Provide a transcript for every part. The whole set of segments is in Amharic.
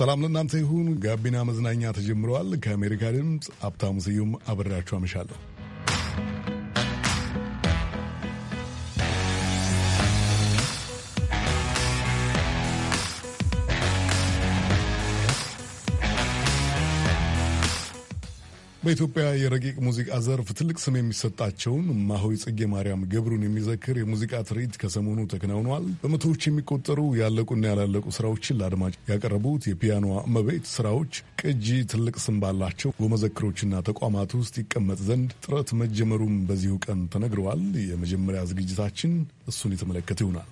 ሰላም ለእናንተ ይሁን። ጋቢና መዝናኛ ተጀምረዋል። ከአሜሪካ ድምፅ ሀብታሙ ስዩም አብሬያችሁ አመሻለሁ። በኢትዮጵያ የረቂቅ ሙዚቃ ዘርፍ ትልቅ ስም የሚሰጣቸውን ማሆይ ጽጌ ማርያም ገብሩን የሚዘክር የሙዚቃ ትርኢት ከሰሞኑ ተከናውኗል። በመቶዎች የሚቆጠሩ ያለቁና ያላለቁ ስራዎችን ለአድማጭ ያቀረቡት የፒያኖ እመቤት ስራዎች ቅጂ ትልቅ ስም ባላቸው በመዘክሮችና ተቋማት ውስጥ ይቀመጥ ዘንድ ጥረት መጀመሩም በዚሁ ቀን ተነግረዋል። የመጀመሪያ ዝግጅታችን እሱን የተመለከተ ይሆናል።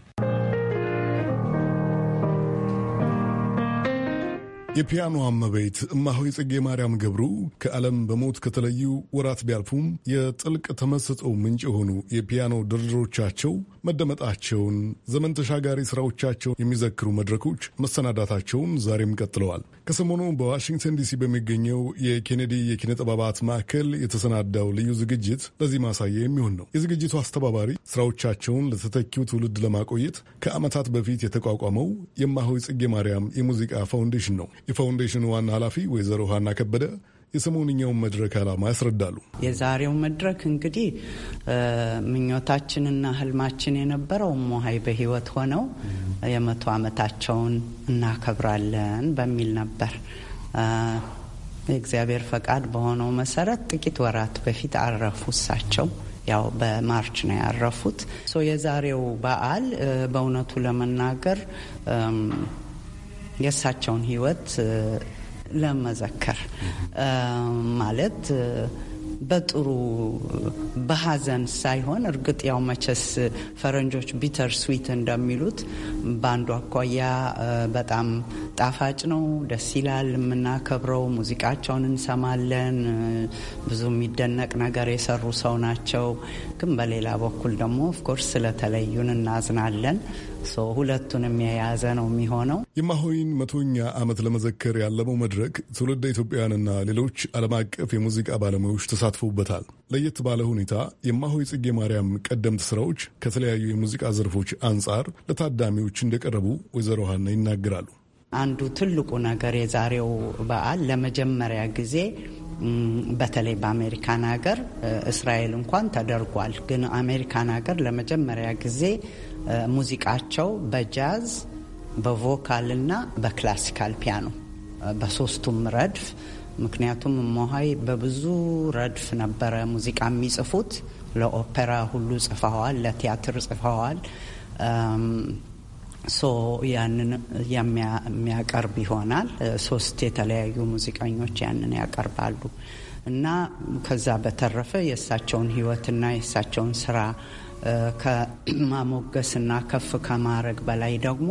የፒያኖ እመቤት እማሆይ ጽጌ ማርያም ገብሩ ከዓለም በሞት ከተለዩ ወራት ቢያልፉም የጥልቅ ተመስጠው ምንጭ የሆኑ የፒያኖ ድርድሮቻቸው መደመጣቸውን፣ ዘመን ተሻጋሪ ስራዎቻቸውን የሚዘክሩ መድረኮች መሰናዳታቸውን ዛሬም ቀጥለዋል። ከሰሞኑ በዋሽንግተን ዲሲ በሚገኘው የኬኔዲ የኪነ ጥበባት ማዕከል የተሰናዳው ልዩ ዝግጅት ለዚህ ማሳያ የሚሆን ነው። የዝግጅቱ አስተባባሪ ስራዎቻቸውን ለተተኪው ትውልድ ለማቆየት ከዓመታት በፊት የተቋቋመው የማሆይ ጽጌ ማርያም የሙዚቃ ፋውንዴሽን ነው። የፋውንዴሽኑ ዋና ኃላፊ ወይዘሮ ሃና ከበደ የሰሞንኛውን መድረክ ዓላማ ያስረዳሉ። የዛሬው መድረክ እንግዲህ ምኞታችንና ህልማችን የነበረው ሞሀይ በህይወት ሆነው የመቶ ዓመታቸውን እናከብራለን በሚል ነበር። የእግዚአብሔር ፈቃድ በሆነው መሰረት ጥቂት ወራት በፊት አረፉ እሳቸው። ያው በማርች ነው ያረፉት። ሶ የዛሬው በዓል በእውነቱ ለመናገር የእሳቸውን ህይወት ለመዘከር ማለት በጥሩ በሀዘን ሳይሆን እርግጥ ያው መቼስ ፈረንጆች ቢተር ስዊት እንደሚሉት በአንዱ አኳያ በጣም ጣፋጭ ነው፣ ደስ ይላል፣ የምናከብረው፣ ሙዚቃቸውን እንሰማለን፣ ብዙ የሚደነቅ ነገር የሰሩ ሰው ናቸው። ግን በሌላ በኩል ደግሞ ኦፍኮርስ ስለተለዩን እናዝናለን። ሁለቱንም የያዘ ነው የሚሆነው። የማሆይን መቶኛ ዓመት ለመዘከር ያለመው መድረክ ትውልደ ኢትዮጵያውያንና ሌሎች ዓለም አቀፍ የሙዚቃ ባለሙያዎች ተሳትፎበታል። ለየት ባለ ሁኔታ የማሆይ ጽጌ ማርያም ቀደምት ስራዎች ከተለያዩ የሙዚቃ ዘርፎች አንጻር ለታዳሚዎች እንደቀረቡ ወይዘሮ ሀና ይናገራሉ። አንዱ ትልቁ ነገር የዛሬው በዓል ለመጀመሪያ ጊዜ በተለይ በአሜሪካን ሀገር፣ እስራኤል እንኳን ተደርጓል፣ ግን አሜሪካን ሀገር ለመጀመሪያ ጊዜ ሙዚቃቸው በጃዝ በቮካል እና በክላሲካል ፒያኖ በሶስቱም ረድፍ ምክንያቱም ሞሀይ በብዙ ረድፍ ነበረ ሙዚቃ የሚጽፉት። ለኦፔራ ሁሉ ጽፈዋል፣ ለቲያትር ጽፈዋል። ሶ ያንን የሚያቀርብ ይሆናል። ሶስት የተለያዩ ሙዚቀኞች ያንን ያቀርባሉ እና ከዛ በተረፈ የእሳቸውን ህይወትና የእሳቸውን ስራ ከማሞገስና ከፍ ከማድረግ በላይ ደግሞ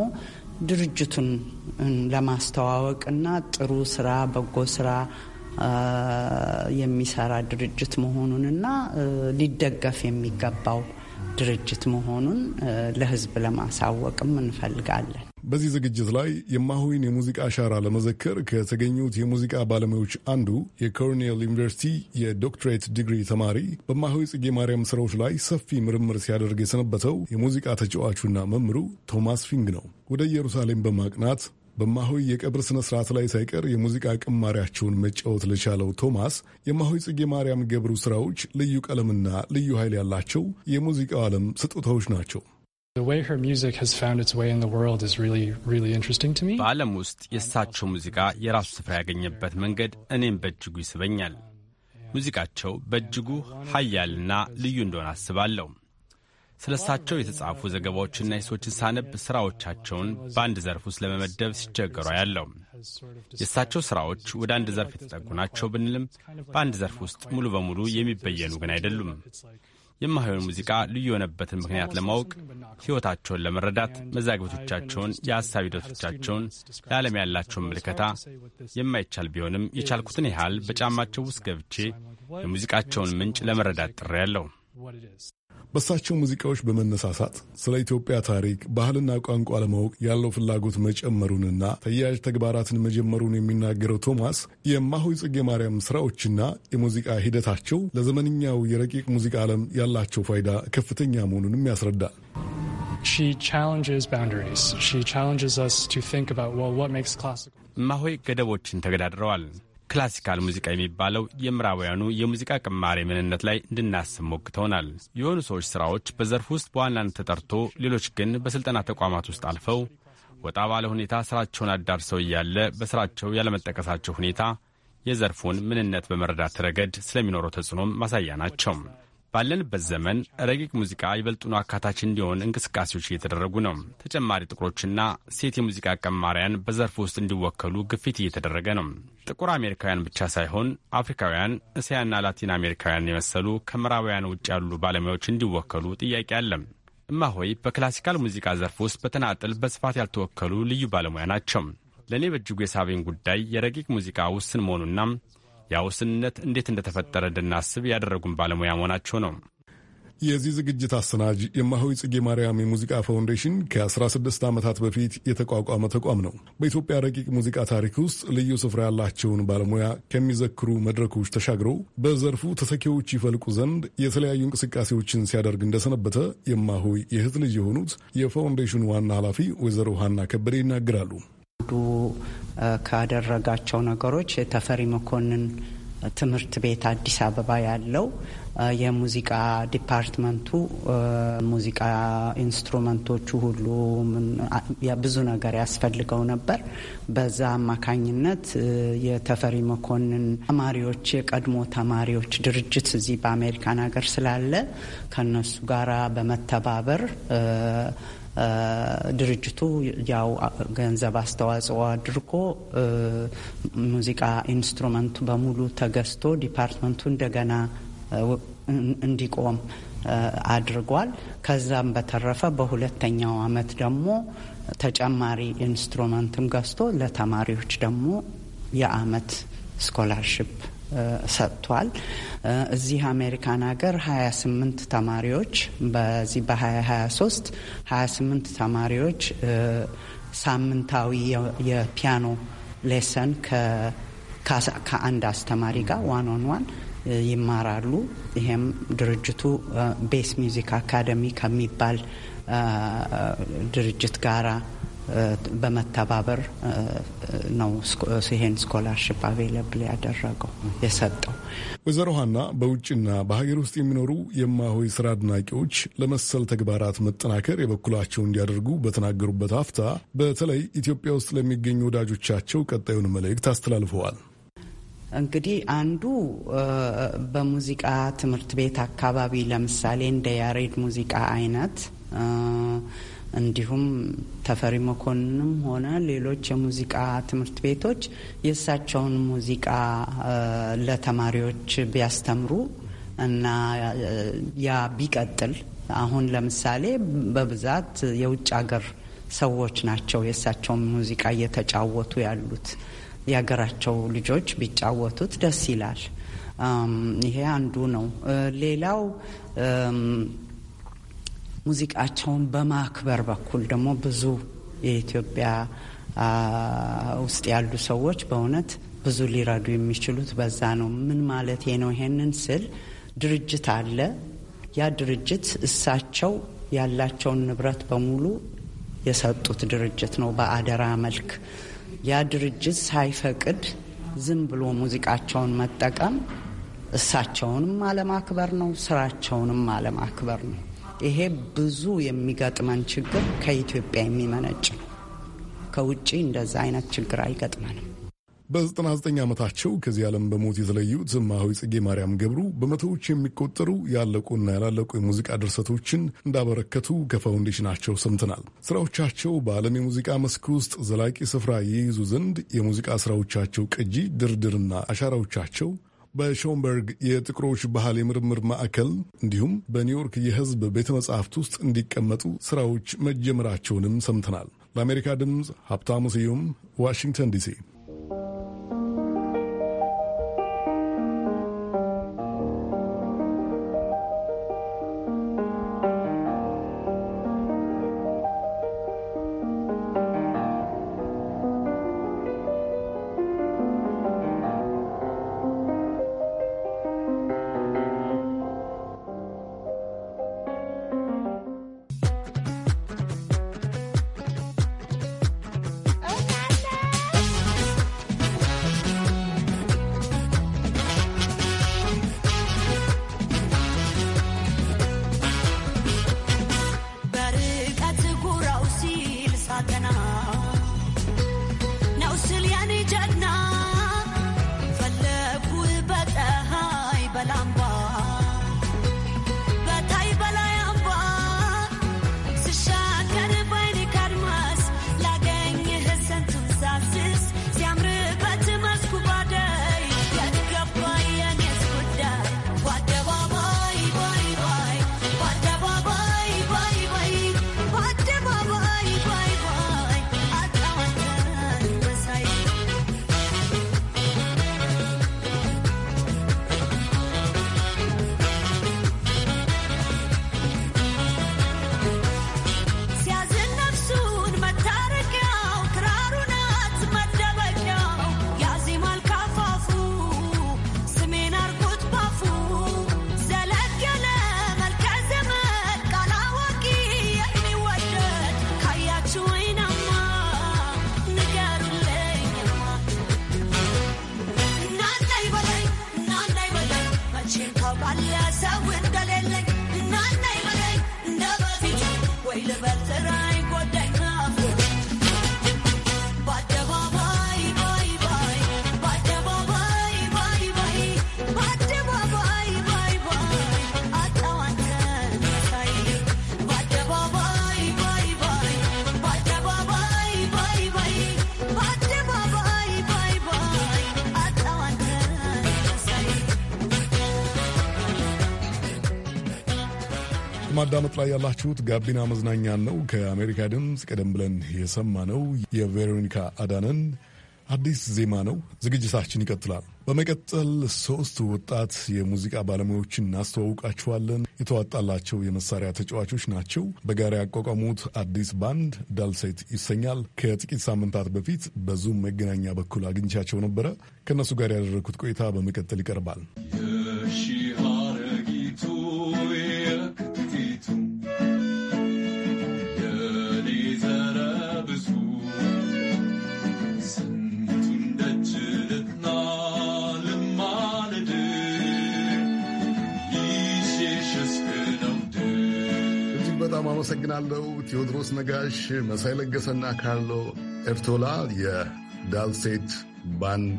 ድርጅቱን ለማስተዋወቅና ጥሩ ስራ፣ በጎ ስራ የሚሰራ ድርጅት መሆኑንና ሊደገፍ የሚገባው ድርጅት መሆኑን ለሕዝብ ለማሳወቅም እንፈልጋለን። በዚህ ዝግጅት ላይ የማሆይን የሙዚቃ አሻራ ለመዘከር ከተገኙት የሙዚቃ ባለሙያዎች አንዱ የኮርኔል ዩኒቨርሲቲ የዶክትሬት ዲግሪ ተማሪ በማሆይ ጽጌ ማርያም ስራዎች ላይ ሰፊ ምርምር ሲያደርግ የሰነበተው የሙዚቃ ተጫዋቹና መምሩ ቶማስ ፊንግ ነው። ወደ ኢየሩሳሌም በማቅናት በማሆይ የቀብር ስነ ስርዓት ላይ ሳይቀር የሙዚቃ ቅማሪያቸውን መጫወት ለቻለው ቶማስ የማሆይ ጽጌ ማርያም ገብሩ ስራዎች ልዩ ቀለምና ልዩ ኃይል ያላቸው የሙዚቃው ዓለም ስጦታዎች ናቸው። በዓለም ውስጥ የእሳቸው ሙዚቃ የራሱ ስፍራ ያገኘበት መንገድ እኔም በእጅጉ ይስበኛል። ሙዚቃቸው በእጅጉ ሀያልና ልዩ እንደሆነ አስባለሁ። ስለ እሳቸው የተጻፉ ዘገባዎችና የሰዎችን ሳነብ ስራዎቻቸውን በአንድ ዘርፍ ውስጥ ለመመደብ ሲቸገሩ ያለው የእሳቸው ስራዎች ወደ አንድ ዘርፍ የተጠጉ ናቸው ብንልም በአንድ ዘርፍ ውስጥ ሙሉ በሙሉ የሚበየኑ ግን አይደሉም። የማህበር ሙዚቃ ልዩ የሆነበትን ምክንያት ለማወቅ ሕይወታቸውን ለመረዳት መዛግብቶቻቸውን፣ የሐሳብ ሂደቶቻቸውን፣ ለዓለም ያላቸውን ምልከታ የማይቻል ቢሆንም የቻልኩትን ያህል በጫማቸው ውስጥ ገብቼ የሙዚቃቸውን ምንጭ ለመረዳት ጥሬ ያለው በእሳቸው ሙዚቃዎች በመነሳሳት ስለ ኢትዮጵያ ታሪክ፣ ባህልና ቋንቋ ለማወቅ ያለው ፍላጎት መጨመሩንና ተያያዥ ተግባራትን መጀመሩን የሚናገረው ቶማስ የማሆይ ጽጌ ማርያም ስራዎችና የሙዚቃ ሂደታቸው ለዘመንኛው የረቂቅ ሙዚቃ ዓለም ያላቸው ፋይዳ ከፍተኛ መሆኑንም ያስረዳል። እማሆይ ገደቦችን ተገዳድረዋል። ክላሲካል ሙዚቃ የሚባለው የምዕራባውያኑ የሙዚቃ ቅማሬ ምንነት ላይ እንድናስብ ሞግተውናል። የሆኑ ሰዎች ስራዎች በዘርፍ ውስጥ በዋናነት ተጠርቶ፣ ሌሎች ግን በስልጠና ተቋማት ውስጥ አልፈው ወጣ ባለ ሁኔታ ስራቸውን አዳርሰው እያለ በስራቸው ያለመጠቀሳቸው ሁኔታ የዘርፉን ምንነት በመረዳት ረገድ ስለሚኖረው ተጽዕኖም ማሳያ ናቸው። ባለንበት ዘመን ረቂቅ ሙዚቃ ይበልጡኑ አካታች እንዲሆን እንቅስቃሴዎች እየተደረጉ ነው። ተጨማሪ ጥቁሮችና ሴት የሙዚቃ ቀማሪያን በዘርፍ ውስጥ እንዲወከሉ ግፊት እየተደረገ ነው። ጥቁር አሜሪካውያን ብቻ ሳይሆን አፍሪካውያን፣ እስያና ላቲን አሜሪካውያን የመሰሉ ከምዕራባውያን ውጭ ያሉ ባለሙያዎች እንዲወከሉ ጥያቄ አለ። እማሆይ በክላሲካል ሙዚቃ ዘርፍ ውስጥ በተናጥል በስፋት ያልተወከሉ ልዩ ባለሙያ ናቸው። ለእኔ በእጅጉ የሳቤን ጉዳይ የረቂቅ ሙዚቃ ውስን መሆኑና ያ ውስንነት እንዴት እንደተፈጠረ እንድናስብ ያደረጉን ባለሙያ መሆናቸው ነው። የዚህ ዝግጅት አሰናጅ የማሆይ ጽጌ ማርያም የሙዚቃ ፋውንዴሽን ከ16 ዓመታት በፊት የተቋቋመ ተቋም ነው። በኢትዮጵያ ረቂቅ ሙዚቃ ታሪክ ውስጥ ልዩ ስፍራ ያላቸውን ባለሙያ ከሚዘክሩ መድረኮች ተሻግረው በዘርፉ ተተኪዎች ይፈልቁ ዘንድ የተለያዩ እንቅስቃሴዎችን ሲያደርግ እንደሰነበተ የማሆይ የእህት ልጅ የሆኑት የፋውንዴሽኑ ዋና ኃላፊ ወይዘሮ ሀና ከበደ ይናገራሉ። አንዱ ካደረጋቸው ነገሮች የተፈሪ መኮንን ትምህርት ቤት አዲስ አበባ ያለው የሙዚቃ ዲፓርትመንቱ ሙዚቃ ኢንስትሩመንቶቹ ሁሉ ብዙ ነገር ያስፈልገው ነበር። በዛ አማካኝነት የተፈሪ መኮንን ተማሪዎች የቀድሞ ተማሪዎች ድርጅት እዚህ በአሜሪካን ሀገር ስላለ ከነሱ ጋራ በመተባበር ድርጅቱ ያው ገንዘብ አስተዋጽኦ አድርጎ ሙዚቃ ኢንስትሩመንቱ በሙሉ ተገዝቶ ዲፓርትመንቱ እንደገና እንዲቆም አድርጓል። ከዛም በተረፈ በሁለተኛው አመት ደግሞ ተጨማሪ ኢንስትሩመንትም ገዝቶ ለተማሪዎች ደግሞ የአመት ስኮላርሽፕ ሰጥቷል። እዚህ አሜሪካን ሀገር 28 ተማሪዎች በዚህ በ2023 28 ተማሪዎች ሳምንታዊ የፒያኖ ሌሰን ከአንድ አስተማሪ ጋር ዋን ኦን ዋን ይማራሉ። ይሄም ድርጅቱ ቤስ ሚውዚክ አካደሚ ከሚባል ድርጅት ጋራ በመተባበር ነው ይሄን ስኮላርሽፕ አቬለብል ያደረገው የሰጠው። ወይዘሮ ሀና በውጭና በሀገር ውስጥ የሚኖሩ የማሆይ ስራ አድናቂዎች ለመሰል ተግባራት መጠናከር የበኩላቸው እንዲያደርጉ በተናገሩበት አፍታ በተለይ ኢትዮጵያ ውስጥ ለሚገኙ ወዳጆቻቸው ቀጣዩን መልእክት አስተላልፈዋል። እንግዲህ አንዱ በሙዚቃ ትምህርት ቤት አካባቢ ለምሳሌ እንደ ያሬድ ሙዚቃ አይነት እንዲሁም ተፈሪ መኮንንም ሆነ ሌሎች የሙዚቃ ትምህርት ቤቶች የእሳቸውን ሙዚቃ ለተማሪዎች ቢያስተምሩ እና ያ ቢቀጥል አሁን ለምሳሌ በብዛት የውጭ ሀገር ሰዎች ናቸው የእሳቸውን ሙዚቃ እየተጫወቱ ያሉት። የሀገራቸው ልጆች ቢጫወቱት ደስ ይላል። ይሄ አንዱ ነው። ሌላው ሙዚቃቸውን በማክበር በኩል ደግሞ ብዙ የኢትዮጵያ ውስጥ ያሉ ሰዎች በእውነት ብዙ ሊረዱ የሚችሉት በዛ ነው። ምን ማለት ነው? ይሄንን ስል ድርጅት አለ። ያ ድርጅት እሳቸው ያላቸውን ንብረት በሙሉ የሰጡት ድርጅት ነው በአደራ መልክ። ያ ድርጅት ሳይፈቅድ ዝም ብሎ ሙዚቃቸውን መጠቀም እሳቸውንም አለማክበር ነው፣ ስራቸውንም አለማክበር ነው። ይሄ ብዙ የሚገጥመን ችግር ከኢትዮጵያ የሚመነጭ ነው። ከውጭ እንደዛ አይነት ችግር አይገጥመንም። በ99 ዓመታቸው ከዚህ ዓለም በሞት የተለዩት እማሆይ ጽጌ ማርያም ገብሩ በመቶዎች የሚቆጠሩ ያለቁና ያላለቁ የሙዚቃ ድርሰቶችን እንዳበረከቱ ከፋውንዴሽናቸው ሰምተናል። ስራዎቻቸው በዓለም የሙዚቃ መስክ ውስጥ ዘላቂ ስፍራ ይይዙ ዘንድ የሙዚቃ ስራዎቻቸው ቅጂ ድርድርና አሻራዎቻቸው በሾምበርግ የጥቁሮች ባህል የምርምር ማዕከል እንዲሁም በኒውዮርክ የህዝብ ቤተ መጻሕፍት ውስጥ እንዲቀመጡ ስራዎች መጀመራቸውንም ሰምተናል። ለአሜሪካ ድምፅ ሀብታሙ ስዩም ዋሽንግተን ዲሲ ላይ ያላችሁት ጋቢና መዝናኛ ነው። ከአሜሪካ ድምፅ ቀደም ብለን የሰማነው የቬሮኒካ አዳነን አዲስ ዜማ ነው። ዝግጅታችን ይቀጥላል። በመቀጠል ሶስት ወጣት የሙዚቃ ባለሙያዎችን እናስተዋውቃችኋለን። የተዋጣላቸው የመሳሪያ ተጫዋቾች ናቸው። በጋራ ያቋቋሙት አዲስ ባንድ ዳልሴት ይሰኛል። ከጥቂት ሳምንታት በፊት በዙም መገናኛ በኩል አግኝቻቸው ነበረ። ከእነሱ ጋር ያደረግኩት ቆይታ በመቀጠል ይቀርባል። አመሰግናለሁ። ቴዎድሮስ ነጋሽ፣ መሳይ ለገሰና ካለው ኤርቶላ የዳልሴት ባንድ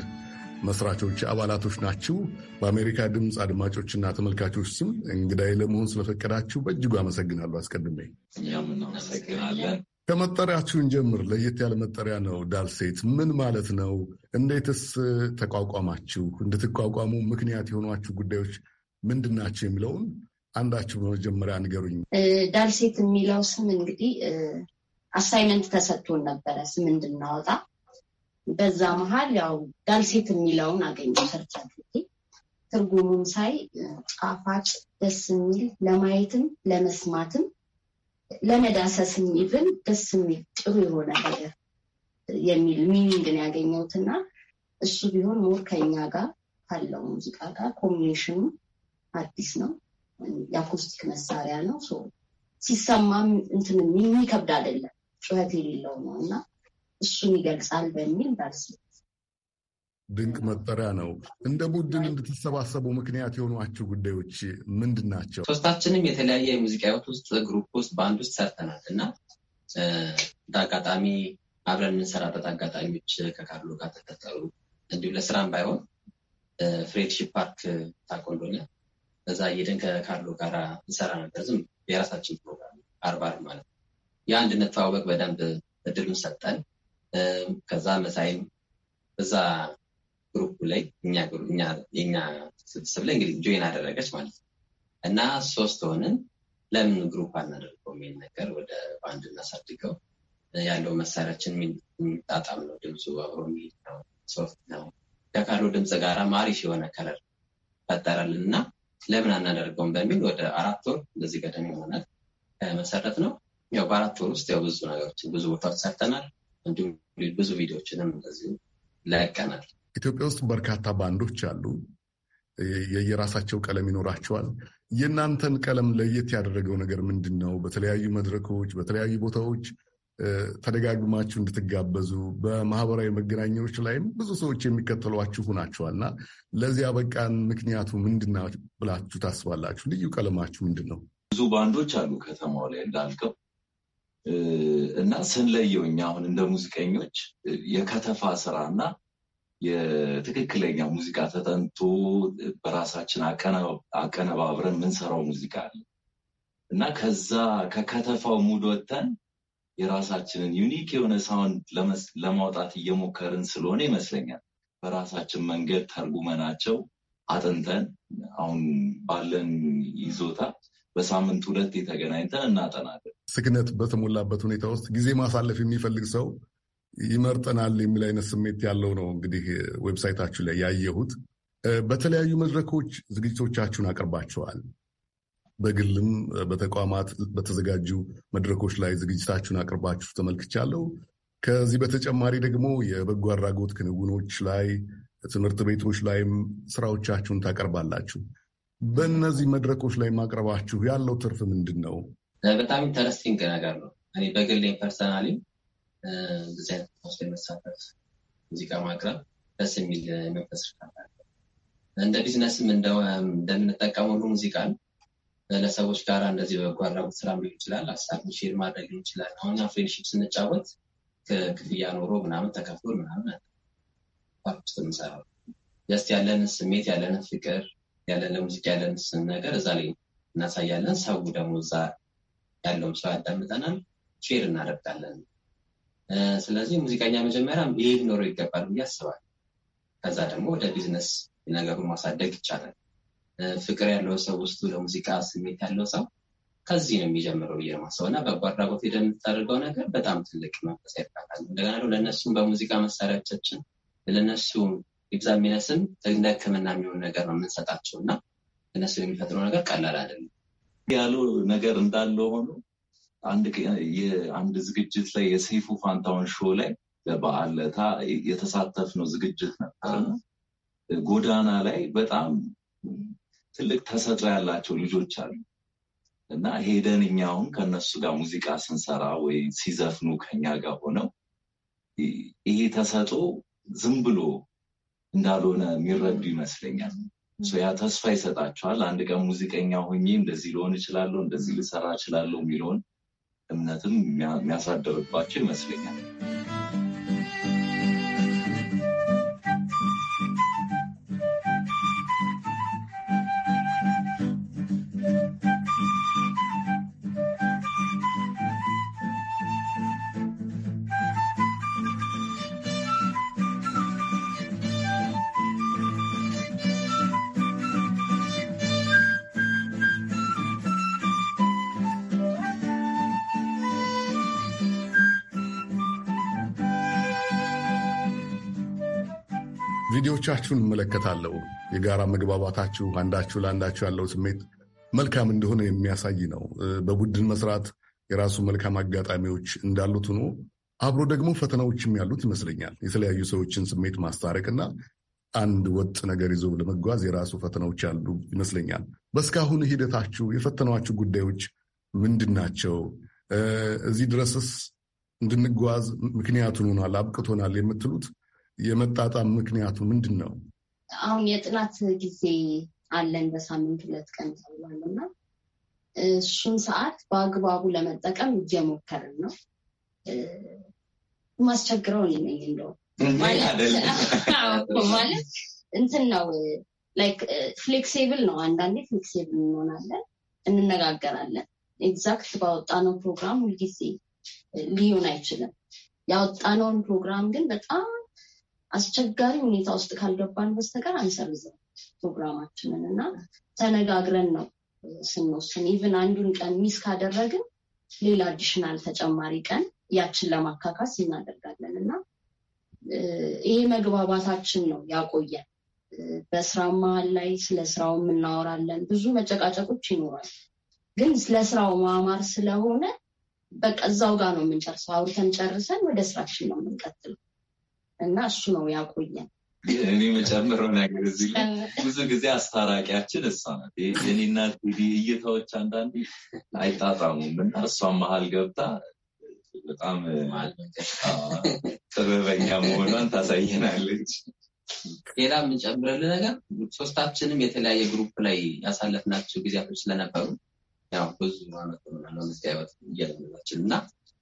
መስራቾች አባላቶች ናችሁ። በአሜሪካ ድምፅ አድማጮችና ተመልካቾች ስም እንግዳይ ለመሆን ስለፈቀዳችሁ በእጅጉ አመሰግናለሁ። አስቀድሜ ከመጠሪያችሁን ጀምር። ለየት ያለ መጠሪያ ነው። ዳልሴት ምን ማለት ነው? እንዴትስ ተቋቋማችሁ? እንድትቋቋሙ ምክንያት የሆኗችሁ ጉዳዮች ምንድን ናቸው የሚለውን አንዳችሁ በመጀመሪያ ንገሩኝ። ዳልሴት የሚለው ስም እንግዲህ አሳይመንት ተሰጥቶን ነበረ ስም እንድናወጣ። በዛ መሀል ያው ዳልሴት የሚለውን አገኘው ሰርች ትርጉሙን ሳይ ጣፋጭ፣ ደስ የሚል ለማየትም ለመስማትም ለመዳሰስ የሚብን ደስ የሚል ጥሩ የሆነ ነገር የሚል ሚኒንግን ያገኘሁትና እሱ ቢሆን ሞር ከኛ ጋር ካለው ሙዚቃ ጋር ኮምቢኔሽኑ አዲስ ነው። የአኩስቲክ መሳሪያ ነው። ሲሰማም እንትን የሚከብድ አይደለም፣ ጩኸት የሌለው ነው እና እሱን ይገልጻል በሚል ዳርስ ድንቅ መጠሪያ ነው። እንደ ቡድን እንድትሰባሰቡ ምክንያት የሆኗቸው ጉዳዮች ምንድን ናቸው? ሶስታችንም የተለያየ የሙዚቃ ህይወት ውስጥ ግሩፕ ውስጥ በአንድ ውስጥ ሰርተናል እና እንደ አጋጣሚ አብረን የምንሰራበት አጋጣሚዎች ከካርሎ ጋር ተፈጠሩ። እንዲሁም ለስራም ባይሆን ፍሬድሺፕ ፓርክ ታቆንዶለ በዛ እየደን ከካርሎ ጋር እንሰራ ነበር። ዝም የራሳችን ፕሮግራም አርባር ማለት ነው። የአንድነት ተዋወቅ በደንብ እድሉን ሰጠን። ከዛ መሳይም እዛ ግሩፕ ላይ የኛ ስብስብ ላይ እንግዲህ ጆይን አደረገች ማለት ነው እና ሶስት ሆንን። ለምን ግሩፕ አናደርገው የሚል ነገር ወደ ባንድ እናሳድገው ያለው መሳሪያችን የሚጣጣም ነው። ድምፁ አብሮ የሚሄድ ነው። ሶፍት ነው። ከካሉ ድምፅ ጋራ ማሪፍ የሆነ ከለር ፈጠረልን እና ለምን አናደርገውም በሚል ወደ አራት ወር እንደዚህ ገደም ይሆናል መሰረት ነው። ያው በአራት ወር ውስጥ ያው ብዙ ነገሮችን ብዙ ቦታዎች ሰርተናል። እንዲሁም ብዙ ቪዲዮዎችንም እንደዚሁ ለቀናል። ኢትዮጵያ ውስጥ በርካታ ባንዶች አሉ። የየራሳቸው ቀለም ይኖራቸዋል። የእናንተን ቀለም ለየት ያደረገው ነገር ምንድን ነው? በተለያዩ መድረኮች፣ በተለያዩ ቦታዎች ተደጋግማችሁ እንድትጋበዙ በማህበራዊ መገናኛዎች ላይም ብዙ ሰዎች የሚከተሏችሁ ሆናችኋልና ለዚያ በቃን ምክንያቱ ምንድና ብላችሁ ታስባላችሁ? ልዩ ቀለማችሁ ምንድን ነው? ብዙ ባንዶች አሉ ከተማው ላይ እንዳልከው እና ስንለየው እኛ አሁን እንደ ሙዚቀኞች የከተፋ እና የትክክለኛ ሙዚቃ ተጠንቶ በራሳችን አቀነባብረን የምንሰራው ሙዚቃ አለ እና ከዛ ከከተፋው ሙድ ወጥተን የራሳችንን ዩኒክ የሆነ ሳውንድ ለማውጣት እየሞከርን ስለሆነ ይመስለኛል በራሳችን መንገድ ተርጉመናቸው አጥንተን አሁን ባለን ይዞታ በሳምንት ሁለት የተገናኝተን እናጠናለን። ስክነት በተሞላበት ሁኔታ ውስጥ ጊዜ ማሳለፍ የሚፈልግ ሰው ይመርጠናል የሚል አይነት ስሜት ያለው ነው። እንግዲህ ዌብሳይታችሁ ላይ ያየሁት በተለያዩ መድረኮች ዝግጅቶቻችሁን አቅርባችኋል። በግልም በተቋማት በተዘጋጁ መድረኮች ላይ ዝግጅታችሁን አቅርባችሁ ተመልክቻለሁ። ከዚህ በተጨማሪ ደግሞ የበጎ አድራጎት ክንውኖች ላይ ትምህርት ቤቶች ላይም ስራዎቻችሁን ታቀርባላችሁ። በእነዚህ መድረኮች ላይ ማቅረባችሁ ያለው ትርፍ ምንድን ነው? በጣም ኢንተረስቲንግ ነገር ነው። እኔ በግሌ ፐርሰናሊ እንደዚህ አይነት የመሳተፍ ሙዚቃ ማቅረብ ደስ የሚል መንፈስ እንደ ቢዝነስም እንደምንጠቀም ሁሉ ሙዚቃን ለሰዎች ጋር እንደዚህ በጎ አድራጎት ስራ ሊሆን ይችላል፣ ሀሳብ ሼር ማድረግ ሊሆን ይችላል። አሁን ፍሬንድሺፕ ስንጫወት ክፍያ ኖሮ ምናምን ተከፍሎ ምናምን ፓርክ ውስጥ የምንሰራው ያለንን ስሜት ያለንን ፍቅር ያለን ያለን ያለንን ነገር እዛ ላይ እናሳያለን። ሰው ደግሞ እዛ ያለውም ሰው ያዳምጠናል፣ ሼር እናደርጋለን። ስለዚህ ሙዚቀኛ መጀመሪያ ይህ ኖሮ ይገባል ብዬ አስባለሁ። ከዛ ደግሞ ወደ ቢዝነስ ነገሩን ማሳደግ ይቻላል። ፍቅር ያለው ሰው ውስጡ ለሙዚቃ ስሜት ያለው ሰው ከዚህ ነው የሚጀምረው ብዬ ነው እና በጎ አድራጎት ሄደ የምታደርገው ነገር በጣም ትልቅ መንፈስ ያርካታል። እንደገና ደግሞ ለእነሱም በሙዚቃ መሳሪያዎቻችን ለእነሱ ኤግዛሚነስን እንደ ሕክምና የሚሆን ነገር ነው የምንሰጣቸው እና እነሱ የሚፈጥረው ነገር ቀላል አይደለም ያሉ ነገር እንዳለ ሆኖ አንድ ዝግጅት ላይ የሰይፉ ፋንታውን ሾ ላይ በበዓል ዕለት የተሳተፍነው ዝግጅት ነበር። ጎዳና ላይ በጣም ትልቅ ተሰጥኦ ያላቸው ልጆች አሉ እና ሄደን አሁን ከነሱ ጋር ሙዚቃ ስንሰራ ወይ ሲዘፍኑ ከኛ ጋር ሆነው ይሄ ተሰጦ ዝም ብሎ እንዳልሆነ የሚረዱ ይመስለኛል። ያ ተስፋ ይሰጣቸዋል። አንድ ቀን ሙዚቀኛ ሆኜ እንደዚህ ልሆን እችላለሁ፣ እንደዚህ ልሰራ እችላለሁ የሚለውን እምነትም የሚያሳደርባቸው ይመስለኛል። ሌሎቻችሁን እመለከታለሁ። የጋራ መግባባታችሁ፣ አንዳችሁ ለአንዳችሁ ያለው ስሜት መልካም እንደሆነ የሚያሳይ ነው። በቡድን መስራት የራሱ መልካም አጋጣሚዎች እንዳሉት ሆኖ አብሮ ደግሞ ፈተናዎችም ያሉት ይመስለኛል። የተለያዩ ሰዎችን ስሜት ማስታረቅና አንድ ወጥ ነገር ይዞ ለመጓዝ የራሱ ፈተናዎች ያሉ ይመስለኛል። በእስካሁን ሂደታችሁ የፈተናችሁ ጉዳዮች ምንድን ናቸው? እዚህ ድረስስ እንድንጓዝ ምክንያቱን ሆናል አብቅቶናል የምትሉት የመጣጣም ምክንያቱ ምንድን ነው? አሁን የጥናት ጊዜ አለን በሳምንት ሁለት ቀን ተብሏል እና እሱን ሰዓት በአግባቡ ለመጠቀም እየሞከርን ነው። ማስቸግረው ነኝ እንደው ማለት እንትን ነው ላይክ ፍሌክሲብል ነው። አንዳንዴ ፍሌክሲብል እንሆናለን፣ እንነጋገራለን። ኤግዛክት ባወጣነው ፕሮግራም ሁልጊዜ ሊሆን አይችልም። ያወጣነውን ፕሮግራም ግን በጣም አስቸጋሪ ሁኔታ ውስጥ ካልገባን በስተቀር አንሰርዝም ፕሮግራማችንን እና ተነጋግረን ነው ስንወስን። ኢቭን አንዱን ቀን ሚስ ካደረግን ሌላ አዲሽናል ተጨማሪ ቀን ያችን ለማካካስ እናደርጋለን እና ይሄ መግባባታችን ነው ያቆየን። በስራ መሀል ላይ ስለ ስራው የምናወራለን። ብዙ መጨቃጨቆች ይኖራል፣ ግን ስራው ማማር ስለሆነ በቃ እዛው ጋር ነው የምንጨርሰው። አውርተን ጨርሰን ወደ ስራችን ነው የምንቀጥለው። እና እሱ ነው ያቆየን። እኔ መጨምረው ነገር እዚህ ብዙ ጊዜ አስታራቂያችን እሷ ናት። እኔና እይታዎች አንዳንዴ አይጣጣሙም እና እሷን መሀል ገብታ በጣም ጥበበኛ መሆኗን ታሳየናለች። ሌላ የምንጨምረል ነገር ሶስታችንም የተለያየ ግሩፕ ላይ ያሳለፍናቸው ጊዜያቶች ስለነበሩ ያው ብዙ ማለት ነው መስያ እየለመናችን እና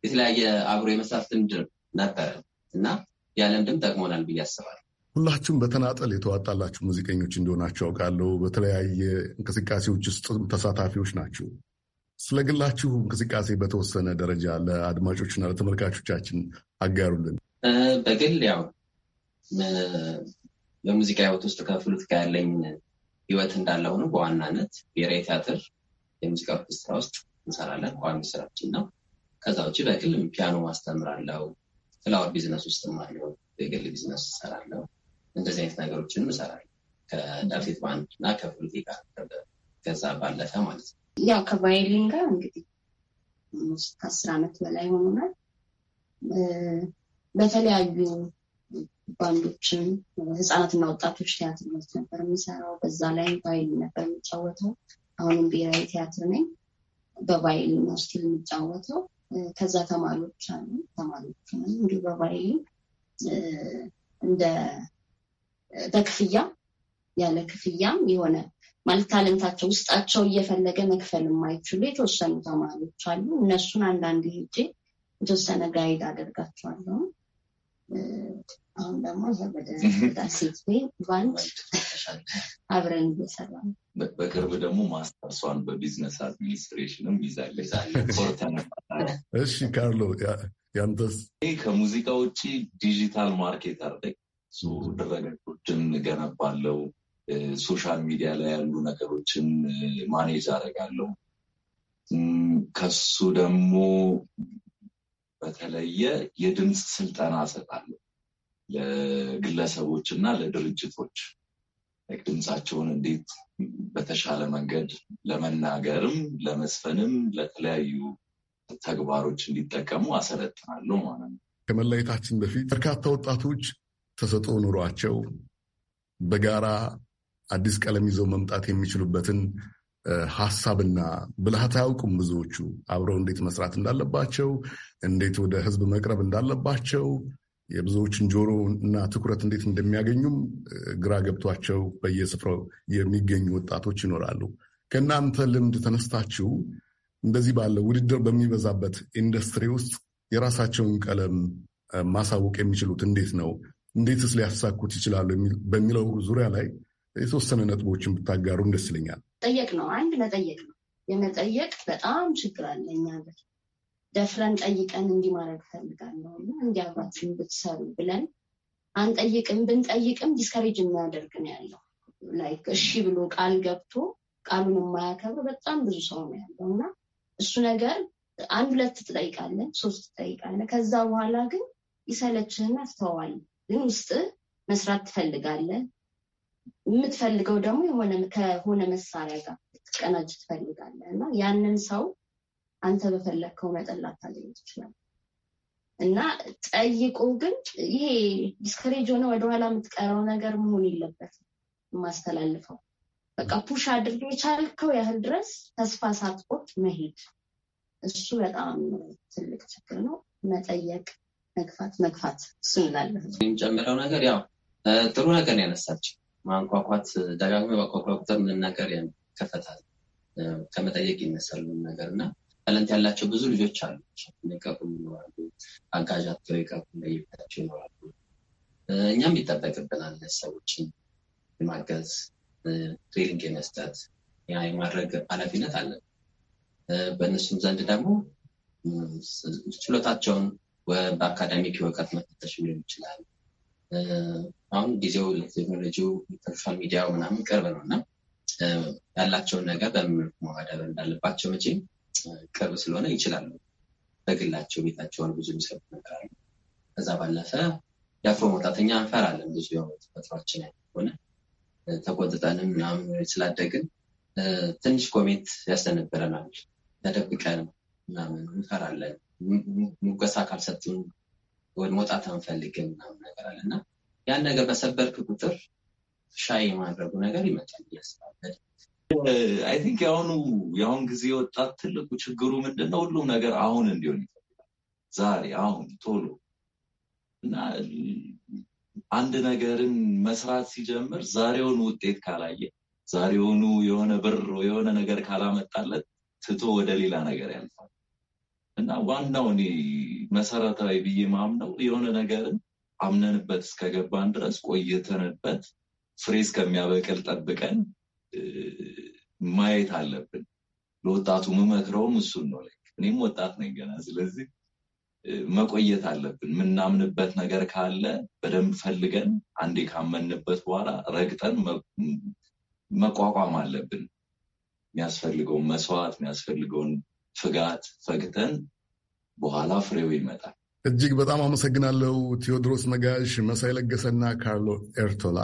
የተለያየ አብሮ የመስራት ልምድ ነበረ እና ያለን ድምፅ ጠቅሞናል ብዬ አስባለሁ። ሁላችሁም በተናጠል የተዋጣላችሁ ሙዚቀኞች እንደሆናችሁ አውቃለሁ። በተለያየ እንቅስቃሴዎች ውስጥ ተሳታፊዎች ናችሁ። ስለ ግላችሁ እንቅስቃሴ በተወሰነ ደረጃ ለአድማጮችና ለተመልካቾቻችን አጋሩልን። በግል ያው በሙዚቃ ሕይወት ውስጥ ከፍሉት ጋር ያለኝ ሕይወት እንዳለ ሆኖ በዋናነት ብሔራዊ ቲያትር የሙዚቃ ኦርኬስትራ ውስጥ እንሰራለን። ዋና ስራችን ነው። ከዛ ውጭ በግል ፒያኖ ማስተምራለው። ክላውድ ቢዝነስ ውስጥ አለው። የግል ቢዝነስ እሰራለሁ። እንደዚህ አይነት ነገሮችንም እሰራለሁ ከዳልሴት ባንድ እና ከፍልቴ ጋር ከዛ ባለፈ ማለት ነው። ያው ከቫይሊን ጋር እንግዲህ ከአስር ዓመት በላይ ሆኖናል። በተለያዩ ባንዶችን ህፃናትና ወጣቶች ቲያትር ቤት ነበር የሚሰራው። በዛ ላይ ቫይሊን ነበር የሚጫወተው። አሁንም ብሔራዊ ቲያትር ነኝ። በቫይሊን ነው ስቲል የሚጫወተው ከዛ ተማሪዎች አሉ። ተማሪዎች እንዲሁ በባይሌ እንደ በክፍያ ያለ ክፍያም የሆነ ማለት ታለንታቸው ውስጣቸው እየፈለገ መክፈል የማይችሉ የተወሰኑ ተማሪዎች አሉ። እነሱን አንዳንድ ሄጄ የተወሰነ ጋይድ አደርጋቸዋለሁ። አሁን ደግሞ ወደ ሴት ባንክ አብረን እየሰራ ነው። በቅርብ ደግሞ ማስተርሷን በቢዝነስ አድሚኒስትሬሽንም ይዛለች። እሺ ካርሎ ያንተስ? ይህ ከሙዚቃ ውጭ ዲጂታል ማርኬት አርደ ድረገጦችን እገነባለው፣ ሶሻል ሚዲያ ላይ ያሉ ነገሮችን ማኔጅ አደርጋለሁ። ከሱ ደግሞ በተለየ የድምፅ ስልጠና እሰጣለሁ ለግለሰቦች እና ለድርጅቶች ድምፃቸውን እንዴት በተሻለ መንገድ ለመናገርም ለመስፈንም ለተለያዩ ተግባሮች እንዲጠቀሙ አሰለጥናለሁ ማለት ነው። ከመለየታችን በፊት በርካታ ወጣቶች ተሰጦ ኑሯቸው በጋራ አዲስ ቀለም ይዘው መምጣት የሚችሉበትን ሀሳብና ብልሃት አያውቁም። ብዙዎቹ አብረው እንዴት መስራት እንዳለባቸው፣ እንዴት ወደ ህዝብ መቅረብ እንዳለባቸው፣ የብዙዎችን ጆሮ እና ትኩረት እንዴት እንደሚያገኙም ግራ ገብቷቸው በየስፍራው የሚገኙ ወጣቶች ይኖራሉ። ከእናንተ ልምድ ተነስታችሁ እንደዚህ ባለ ውድድር በሚበዛበት ኢንዱስትሪ ውስጥ የራሳቸውን ቀለም ማሳወቅ የሚችሉት እንዴት ነው? እንዴትስ ሊያሳኩት ይችላሉ? በሚለው ዙሪያ ላይ የተወሰነ ነጥቦችን ብታጋሩም ደስ ይለኛል። ጠየቅ ነው አንድ መጠየቅ ነው። የመጠየቅ በጣም ችግር አለ እኛ ጋር ደፍረን ጠይቀን እንዲህ ማድረግ ፈልጋለሁ እና እንዲያብራችሁ ብትሰሩ ብለን አንጠይቅም። ብንጠይቅም ዲስከሬጅ የሚያደርግ ነው ያለው። ላይክ እሺ ብሎ ቃል ገብቶ ቃሉን የማያከብር በጣም ብዙ ሰው ነው ያለው እና እሱ ነገር አንድ ሁለት ትጠይቃለህ፣ ሶስት ትጠይቃለህ። ከዛ በኋላ ግን ይሰለችህና ትተዋል። ግን ውስጥ መስራት ትፈልጋለን የምትፈልገው ደግሞ የሆነ ከሆነ መሳሪያ ጋር ትቀናጅ ትፈልጋለህ እና ያንን ሰው አንተ በፈለግከው መጠን ላታገኝ ትችላል እና ጠይቁ ግን ይሄ ዲስከሬጅ ሆነ ወደኋላ የምትቀረው ነገር መሆን የለበት የማስተላልፈው በቃ ፑሽ አድርግ፣ የቻልከው ያህል ድረስ ተስፋ ሳትቆርጥ መሄድ። እሱ በጣም ትልቅ ችግር ነው። መጠየቅ፣ መግፋት፣ መግፋት እሱ ይላለ የሚጨምረው ነገር ያው ጥሩ ነገር ያነሳችው ማንኳኳት ደጋግሞ ማንኳኳት መናገር ከፈታል ከመጠየቅ ይነሳል ነገር እና ታለንት ያላቸው ብዙ ልጆች አሉ። ሚቀፉ ይኖራሉ፣ አጋዣቸው ይቀፉ እንደየቤታቸው ይኖራሉ። እኛም ይጠበቅብናል ሰዎችን የማገዝ ትሬኒንግ የመስጠት ያ የማድረግ ኃላፊነት አለን። በእነሱም ዘንድ ደግሞ ችሎታቸውን በአካዳሚክ እውቀት መፈተሽ ሊሆን ይችላል አሁን ጊዜው ለቴክኖሎጂው ሶሻል ሚዲያ ምናምን ቅርብ ነው እና ያላቸውን ነገር በምንልኩ ማዳበር እንዳለባቸው መቼም ቅርብ ስለሆነ ይችላሉ። በግላቸው ቤታቸውን ብዙ የሚሰሩ ነገር አለ። ከዛ ባለፈ የአፍሮ መውጣተኛ እንፈራለን። ብዙ ተፈጥሯችን ሆነ ተቆጥጠንም ምናምን ስላደግን ትንሽ ኮሜት ያስተነብረናል። ተደብቀን ምናምን እንፈራለን። ሙገሳ ካልሰጡን ወደ መውጣት አንፈልግም ምናምን ነገር አለ እና ያን ነገር በሰበርክ ቁጥር ሻይ የማድረጉ ነገር ይመጣል እያስባበት አይ ቲንክ የአሁኑ የአሁን ጊዜ ወጣት ትልቁ ችግሩ ምንድን ነው? ሁሉም ነገር አሁን እንዲሆን ይፈልጋል። ዛሬ፣ አሁን፣ ቶሎ እና አንድ ነገርን መስራት ሲጀምር ዛሬውን ውጤት ካላየ ዛሬውኑ የሆነ ብር የሆነ ነገር ካላመጣለት ትቶ ወደ ሌላ ነገር ያልፋል። እና ዋናው እኔ መሰረታዊ ብዬ ማምነው የሆነ ነገርን አምነንበት እስከገባን ድረስ ቆይተንበት ፍሬ እስከሚያበቅል ጠብቀን ማየት አለብን። ለወጣቱ ምመክረውም እሱን ነው። እኔም ወጣት ነኝ ገና። ስለዚህ መቆየት አለብን። የምናምንበት ነገር ካለ በደንብ ፈልገን አንዴ ካመንበት በኋላ ረግጠን መቋቋም አለብን። የሚያስፈልገውን መስዋዕት፣ የሚያስፈልገውን ፍጋት ፈግተን በኋላ ፍሬው ይመጣል። እጅግ በጣም አመሰግናለሁ ቴዎድሮስ ነጋሽ፣ መሳይ ለገሰና ካርሎ ኤርቶላ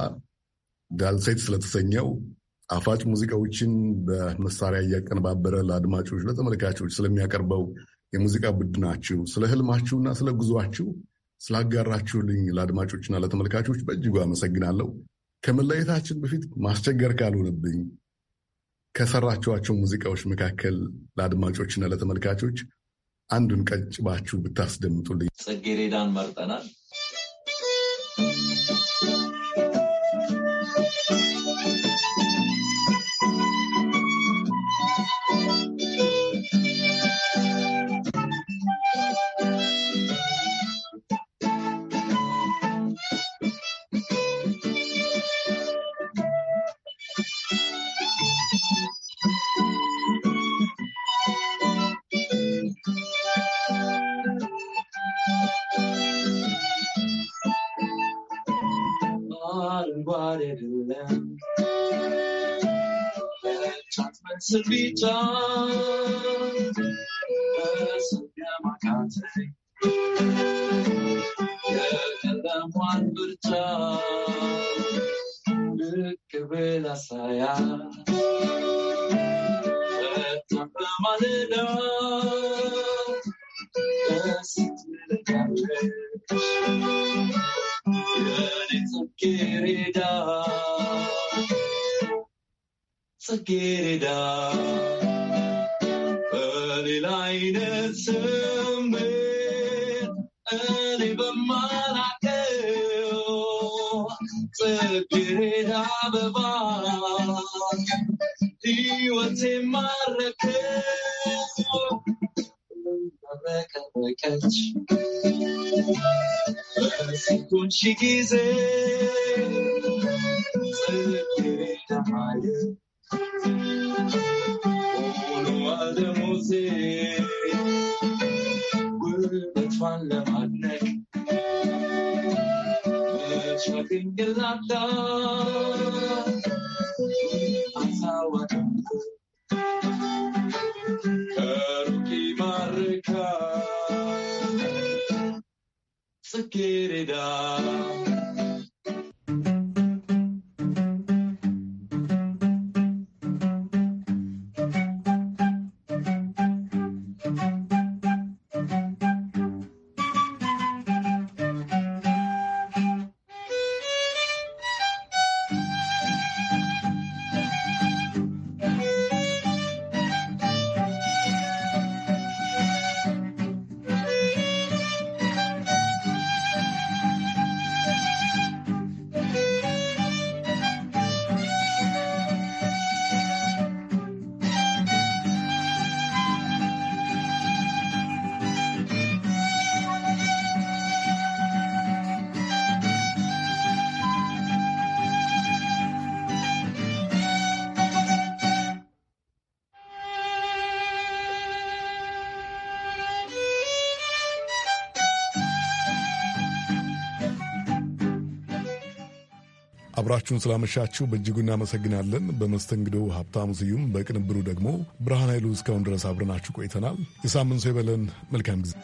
ዳልሴት ስለተሰኘው ጣፋጭ ሙዚቃዎችን በመሳሪያ እያቀነባበረ ለአድማጮች ለተመልካቾች ስለሚያቀርበው የሙዚቃ ቡድናችሁ ስለ ህልማችሁና ስለ ጉዟችሁ ስላጋራችሁልኝ ለአድማጮችና ለተመልካቾች በእጅጉ አመሰግናለሁ። ከመለየታችን በፊት ማስቸገር ካልሆነብኝ ከሰራችኋቸው ሙዚቃዎች መካከል ለአድማጮችና ለተመልካቾች አንዱን ቀጭባችሁ ብታስደምጡልኝ። ጽጌሬዳን መርጠናል። Thank you. to be done. There's a I can't take. Yeah, and i one good job. Early Öli leine zümbet, öli bemala keo, zelpire da bevan, diwa zemar keo, Reca, reca, reca, reca, reca, ተስፋን ለማድረግ በጭንቅላታ አሳወቀ ከሩቅ አብራችሁን ስላመሻችሁ በእጅጉ እናመሰግናለን። በመስተንግዶ ሀብታሙ ስዩም፣ በቅንብሩ ደግሞ ብርሃን ኃይሉ። እስካሁን ድረስ አብረናችሁ ቆይተናል። የሳምንት ሰው ይበለን። መልካም ጊዜ